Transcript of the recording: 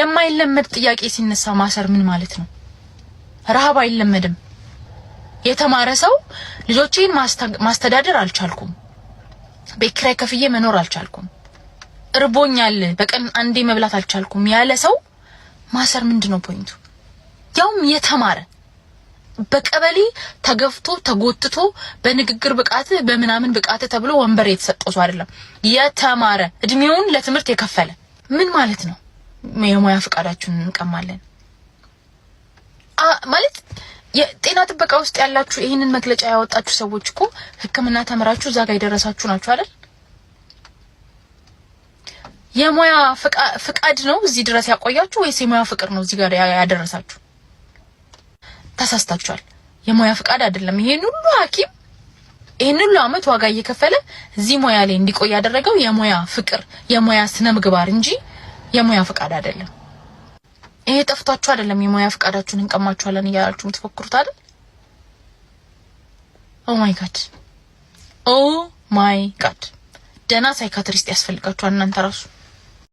የማይለመድ ጥያቄ ሲነሳ ማሰር ምን ማለት ነው? ረሃብ አይለመድም። የተማረ ሰው ልጆቼን ማስተዳደር አልቻልኩም፣ ቤት ኪራይ ከፍዬ መኖር አልቻልኩም፣ እርቦኛል፣ በቀን አንዴ መብላት አልቻልኩም ያለ ሰው ማሰር ምንድን ነው ፖይንቱ? ያውም የተማረ በቀበሌ ተገፍቶ ተጎትቶ በንግግር ብቃት በምናምን ብቃት ተብሎ ወንበር የተሰጠው ሰው አይደለም። የተማረ እድሜውን ለትምህርት የከፈለ ምን ማለት ነው? የሙያ ፈቃዳችሁን እንቀማለን ማለት የጤና ጥበቃ ውስጥ ያላችሁ ይህንን መግለጫ ያወጣችሁ ሰዎች እኮ ሕክምና ተምራችሁ እዛ ጋር የደረሳችሁ ናችሁ አይደል? የሙያ ፍቃድ ነው እዚህ ድረስ ያቆያችሁ ወይስ የሙያ ፍቅር ነው እዚህ ጋር ያደረሳችሁ? ተሳስታችኋል። የሙያ ፍቃድ አይደለም። ይሄን ሁሉ ሐኪም ይሄን ሁሉ አመት ዋጋ እየከፈለ እዚህ ሙያ ላይ እንዲቆይ ያደረገው የሙያ ፍቅር፣ የሙያ ስነ ምግባር እንጂ የሙያ ፈቃድ አይደለም። ይሄ ጠፍቷችሁ አይደለም። የሙያ ፈቃዳችሁን እንቀማችኋለን እያላችሁ የምትፎክሩት አይደል? ኦ ማይ ጋድ፣ ኦ ማይ ጋድ። ደህና ሳይካትሪስት ያስፈልጋችኋል እናንተ ራሱ